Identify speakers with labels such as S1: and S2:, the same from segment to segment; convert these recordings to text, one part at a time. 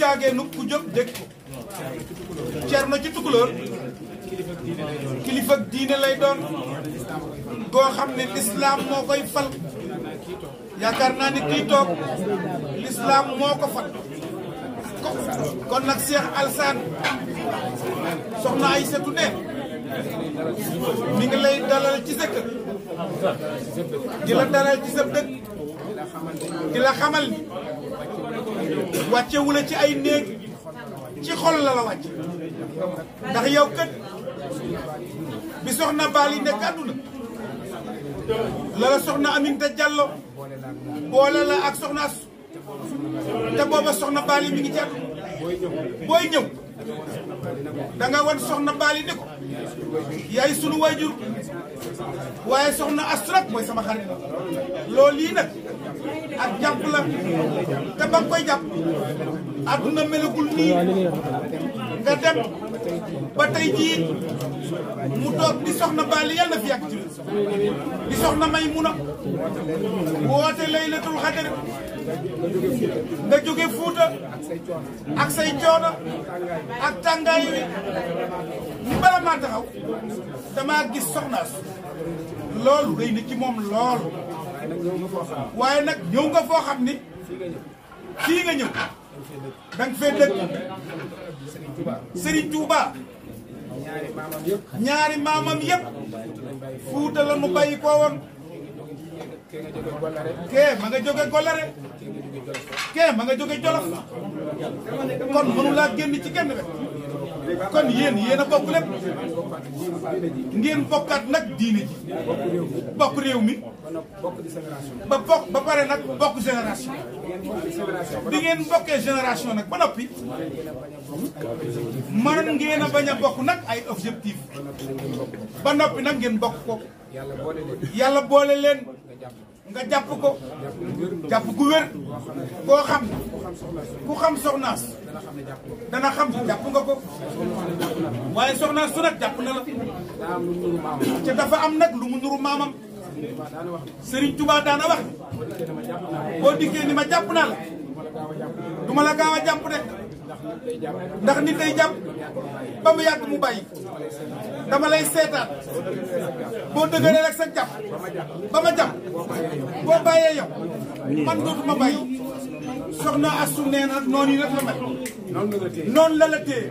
S1: caagee nu ku jóg dégg ko Cerno ci tukulóor kilifa diine lay doon goo xam ne lislaam moo koy fal yaakaar naa ni kii toog lislaam moo ko fal kon nag seex Alassane soxna Aïssatou ne mi ngi lay dalal ci sa di la dalal ci sa dëkk di la xamal ni wàccewu la ci ay néeg ci xol la la wàcc ndax yow kat bi soxna Bali nekk àdduna la la soxna Aminta Diallo boole la ak soxna Asu te booba soxna Bali mi ngi ci booy ñëw da nga wan soxna Baali ne ko yaay sunu waajur waaye soxna Astu mooy sama xarit loolu yi nag ak jàpp la te ba nga koy jàpp àdduna melagul nii nga dem ba tey jii mu toog di soxna Baali yàlla na fi yàgg ci di soxna Maymuna woote laylatul xadar nga jóge Fuuta ak say coono ak tàngaay wi ni bala maa taxaw damaa gis soxnaas loolu rëy na ci moom loolu waaye nag ñëw nga foo xam ni fii nga ñëw danga fee dëkk Serigne Touba ñaari maamam yëpp Fuuta la nu koo woon kee nga jóge Gollare. kee ma nga jóge Gollare. kee ma nga jóge Jolof. kon mënu laa génn ci kenn rek. kon yéen yéen a bokk lépp. ngeen bokkaat nag diine ji. bokk réew mi. ba bokk ba pare nag bokk génération. bi ngeen bokkee génération nag ba noppi. man ngeen a bañ a bokk nag ay objectif. ba noppi nag ngeen bokk ko. yàlla boole leen. nga jàpp ko jàpp gu wér koo xam ku xam soxnaas dana xam jàpp nga ko waaye soxnaas su nag jàpp na la ca dafa am nag lu mu nuru maamam Serigne Touba daana wax boo dikkee ni ma jàpp naa la du ma la gaaw jàpp de ndax nit day jàpp ba mu yàgg mu bàyyi dama lay seetaan boo dëgëree rek sa jàpp ba ma jàpp boo bàyyee yow man dootuma bàyyi soxna Astou nee na noonu yi rek la mel noonu la la téye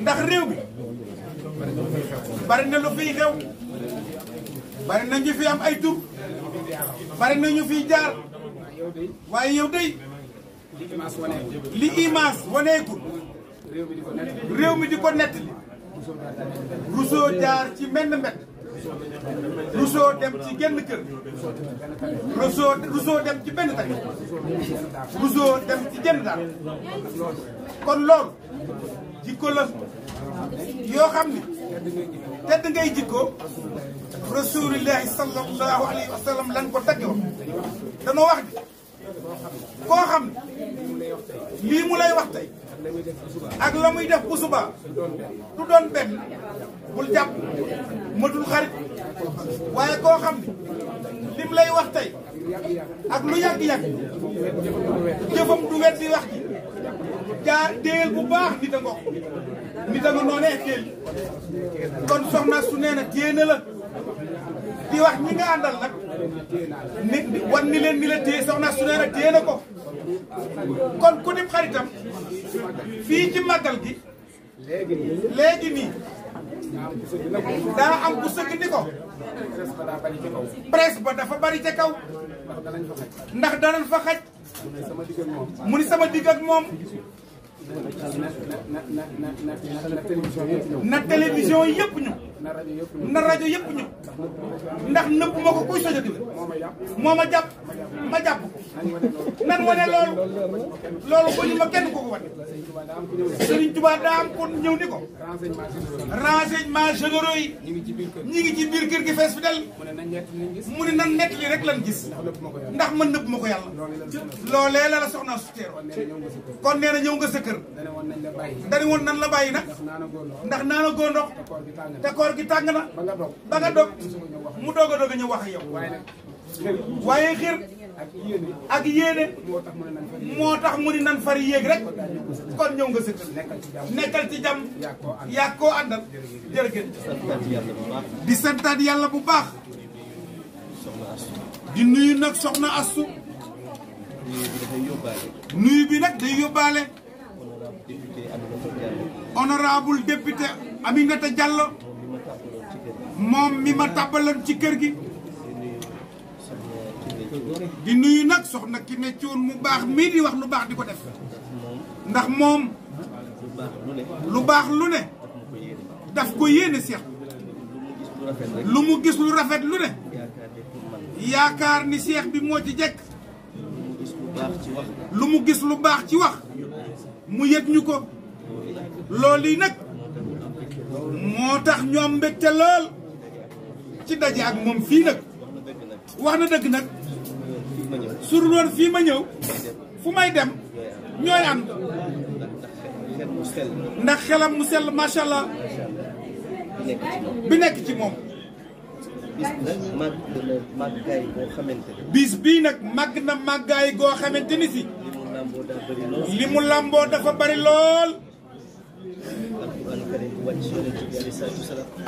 S1: ndax réew bi bari na lu fiy xew bari na fi jaar waaye yow dey li imaas waneekul réew mi di ko nettali Rousseau jaar ci menn mbett Rousseau dem ci genn kër Rousseau Rousseau dem ci benn tali Rousseau dem ci genn daal kon loolu jikko la yoo xam ni tedd ngay jikko rasulillahi sallallahu alayhi wa sallam lan ko tagge woon danoo wax ni koo xam ne lii mu lay wax tey ak la muy def bu suba du doon benn bul jàpp matul xarit waaye koo xam ne lim lay wax tey ak lu yàgg-yàgg jëfam du wet di wax ji jaar déel bu baax nit a ngox nit a nga noonee déel kon soxna su nee na téena la di wax ñi nga àndal nag nit wan ni leen ni la téye soxna su nee na na ko kon ku di xaritam fii ci màggal gi léegi nii daa am ku sëgg ni ko presse ba dafa bari ca kaw ndax dara danañ fa xaj mu ni sama digg ak moom na télévision yëpp ñu na rajo yëpp ñu ndax nëbb ma ko kuy sojati la moo ma jàpp ma jàpp
S2: ko nan wane loolu
S1: loolu ko ñu ma kenn ko ko wane Serigne Touba daa am ko ñëw ni ko renseignement généraux yi ngi ci biir kër gi fees fi del mu ne nan nett li rek lan gis ndax man nëbb ma ko yàlla loolee la la soxna su teeroo kon nee na ñëw nga sa kër dani woon nan la bàyyi nag ndax naana goo ndox te koor gi tàng na ba nga dog mu doog a doog a wax ak yow waaye xir ak yéene moo tax mu ni nan fari yéeg rek kon ñëw nga sëkkal nekkal ci jàmm yaa koo àndal jërëjëf di santaat yàlla bu baax di nuyu nag soxna Astou nuyu bi nag day yóbbaale honorable député Aminata Diallo moom mi ma tàbbaloon ci kër gi di nuyu nag soxna ki ne coon mu baax mii di wax lu baax di ko def ndax moom lu baax lu ne daf ko yéene seex lu mu gis lu rafet lu ne yaakaar ni seex bi moo ci jekk lu mu gis lu baax ci wax mu yëg ñu ko loolu yi nag moo tax ñoom am mbégte lool ci daje ak moom fii nag wax na dëgg nag ma ñëw. fii ma ñëw. fu may dem. ñooy am ndax xelam mu sell macha allah. bi nekk ci moom. bis nag màgg na màggaay goo xamante ne. bis bii nag màgg na màggaay goo xamante ni si. li mu làmboo dafa bari lool.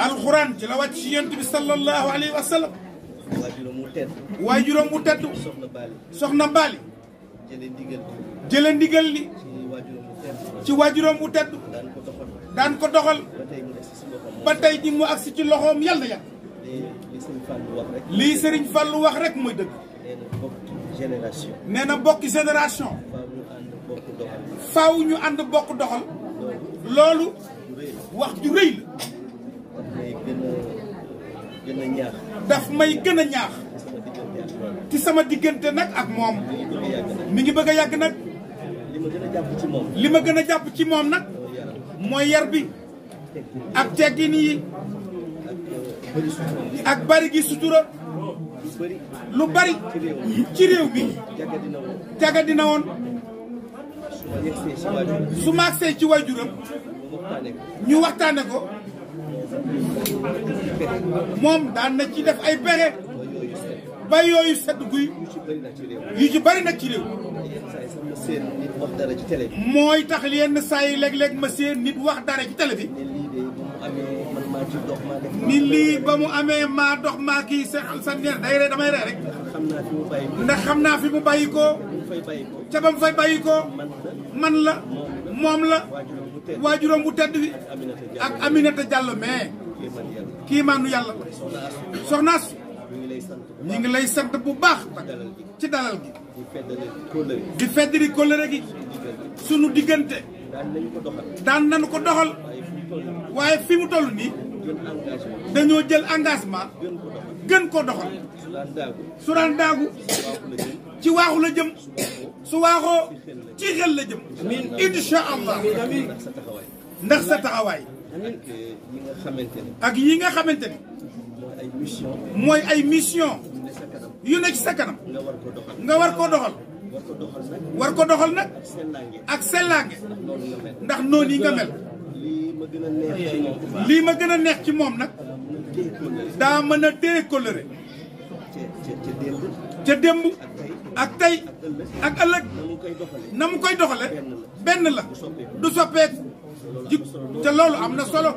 S1: alxuraan ci la wàcc ci yonent bi wa sallam. waajuram mu tedd. waajuram mu tedd. soxna Baali. soxna Baali. jëlee ndigal li. jëlee ndigal li. ci waajuram wu tedd. daan ko doxal.
S2: daan ko doxal.
S1: ba tey ji mu agsi ci loxoom yàlla yàlla. lii Serigne Fallou wax rek. rek mooy dëgg. nee bokki génération.
S2: nee na bokki génération.
S1: faaw ñu ànd bokk doxal. loolu. wax ju rëy la. gën a ñaax. daf may gën a ñaax. ci sama diggante nag ak moom. mi ngi bëgg a yàgg nag. li ma gën a jàpp ci moom. li ma gën a jàpp ci moom nag. mooy yar bi. ak teggin yi. ak bari gi sutura. lu bari ci réew mi jaga dina woon su ma agsee ci waajuram ñu waxtaane ko moom daan na ci def ay bere ba yooyu sedd guy yu ci bari nag ci réew mooy tax yenn saa yi léeg-léeg ma seen nit wax dara ci télé bi ni lii ba mu amee maa dox maa kii sa sa neex day ree damay ree rek ndax xam naa fi mu bàyyi ko ca ba mu fay bàyyi ko man la moom la waajuróom bu tedd bi ak Aminata Diallo mais kiimaanu yàlla ko soxna Astu ñu ngi lay sant bu baax ci dalal gi di feddali kóllëre gi sunu diggante daan nañu ko doxal waaye fi mu toll nii dañoo jël engagement gën koo doxal su daan daagu ci waaxu la jëm su waaxoo ci xel la jëm insha allah ndax sa taxawaay ak yi euh, nga xamante ni. ak yi mooy ay mission. yu ay mission. yu nekk sa kanam. nga war ko doxal nga war ko doxal. war ko doxal nag. ak sellaange. ndax noonu yi nga mel. lii ma gën a neex ci moom. lii ma gën a neex ci moom nag. daa mën a téye coloré. ca démb. ak tey ak ëllëg na mu koy doxale benn la du soppeeku. jik ca loolu am na solo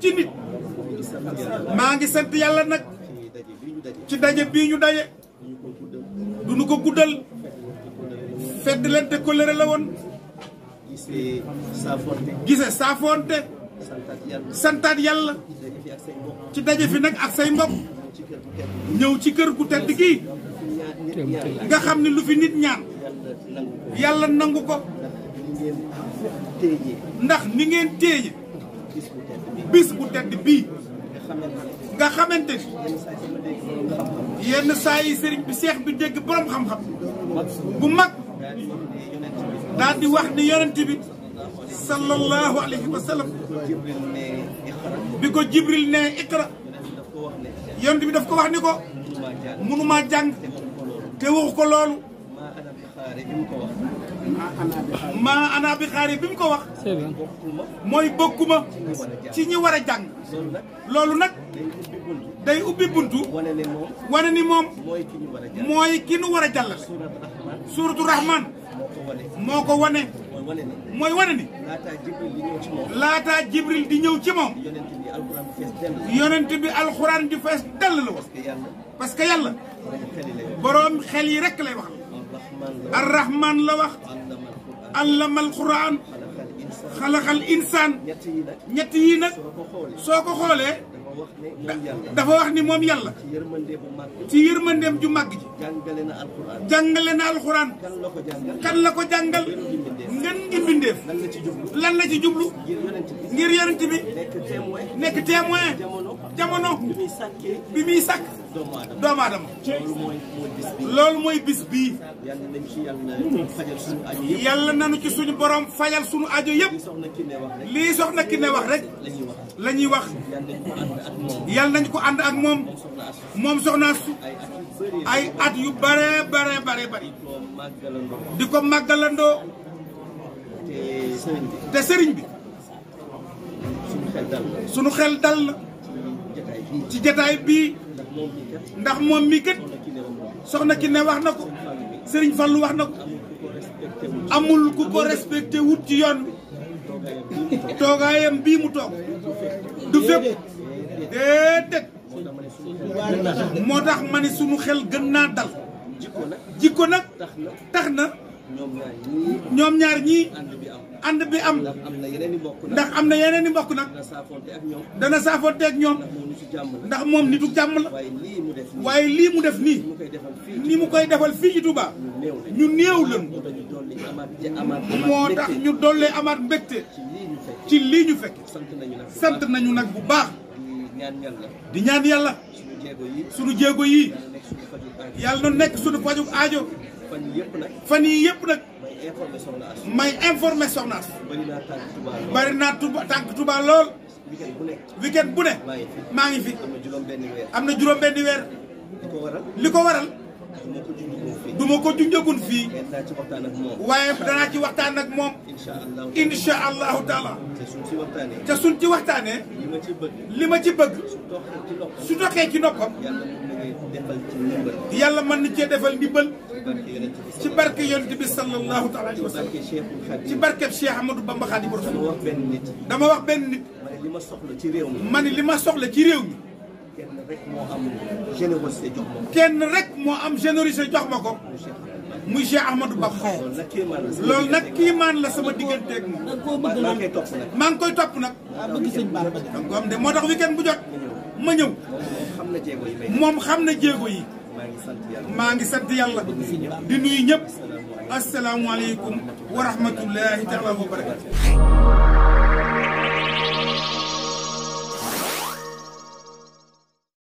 S1: ci nit maa ngi sant yàlla nag ci daje bii ñu daje du nu ko guddal fedd leen te kolëre la woon gise saafonte santaat yàlla ci daje fi nag ak say mbokk ñëw ci kër gu tedd gii nga xam ne lu fi nit ñaan yàlla nangu ko ndax ni ngeen téye bis bu tedd bii nga xamante ni yenn saa yi sëriñ bi seex bi dégg borom xam-xam bu mag daal di wax ni yonent bi sallallahu alayhi wa bi ko jibril ne iqra yonent bi daf ko wax ni ko mënumaa jàng te waxu ko loolu maa ana bi bi mu ko wax. mooy bokkuma ci ñi war a jàng. loolu nag day ubbi buntu. wane ni moom mooy ki nu war a jàllale. suuratu Rahman moo ko wane. mooy wane ni laataa jibril di ñëw ci moom yonent bi alxuraan di fees dell la woon parce que yàlla boroom xel yi rekk lay wax arrahman la wax allama alquran xalaqal insaan ñett yii nag soo ko xoolee dafa wax ni moom yàlla ci yërmandeem ju màgg ji jàngale na alxuraan kan la ko jàngal ngeen ngi mbindeef lan la ci jublu ngir yonent bi nekk témoin jamono bi muy sàkk doomu aadama loolu mooy bis bi yàlla nañu ci suñu borom fajal suñu ajo yëpp lii soxna Kiné wax rek la ñuy wax yàlla nañu ko ànd ak moom moom soxna su ay at yu bare bare bare bari di ko màggalandoo te sëriñ bi sunu xel dal na ci jataay bii ndax moom mi kët soxna ki ne wax na ko Serigne Fallou wax na ko amul ku ko respecté ci yoon bi toogaayam bii mu toog du fépp déedéet moo tax ma ne sunu xel gën naa dal jikko nag tax na ñoom ñaar ñii ànd bi am ndax am na yeneen i mbokk nag dana saafonte ak ñoom ndax moom nitu jàmm la waaye lii mu def nii ni mu koy defal fii ci Touba ñu néew lan moo tax ñu dollee amaat mbégte ci lii ñu fekk sant nañu nag bu baax
S2: di ñaan yàlla
S1: sunu jéego yi yàlla na nekk sunu fajug aajo fan yii yëpp nag. fan yii yëpp nag. may informé Soxna As. may informé Soxna As. bari naa tànk Touba lool bari naa bu ne. maa ngi fi maa ngi fi. am na juróom benni weer. li ko waral. li ko waral. du ma ko junjagun fii waaye danaa ci waxtaan ak moom insha allahu taala te suñ ci waxtaanee li ma ci bëgg su doxee ci noppam yàlla man na cee defal ndimbal ci barke yonent bi sallallahu taala alayhi wa sallam ci barkeb Cheikh Amadou Bamba Khadimu Rasul dama wax benn nit ma ne li ma soxla ci réew mi kenn rek moo am générosité jox ma ko. kenn rek moo am générosité jox ma ko. muy Cheikh Ahmadou Bamba. loolu nag kii maan la sama digganteeg moom. maa ngi koy topp nag. maa ngi koy topp nag. donc am de moo tax weekend bu jot. ma ñëw. moom xam na jéego yi. maa ngi sant yàlla. di nuyu ñëpp. asalaamualeykum wa rahmatullahi taala ba barakatu.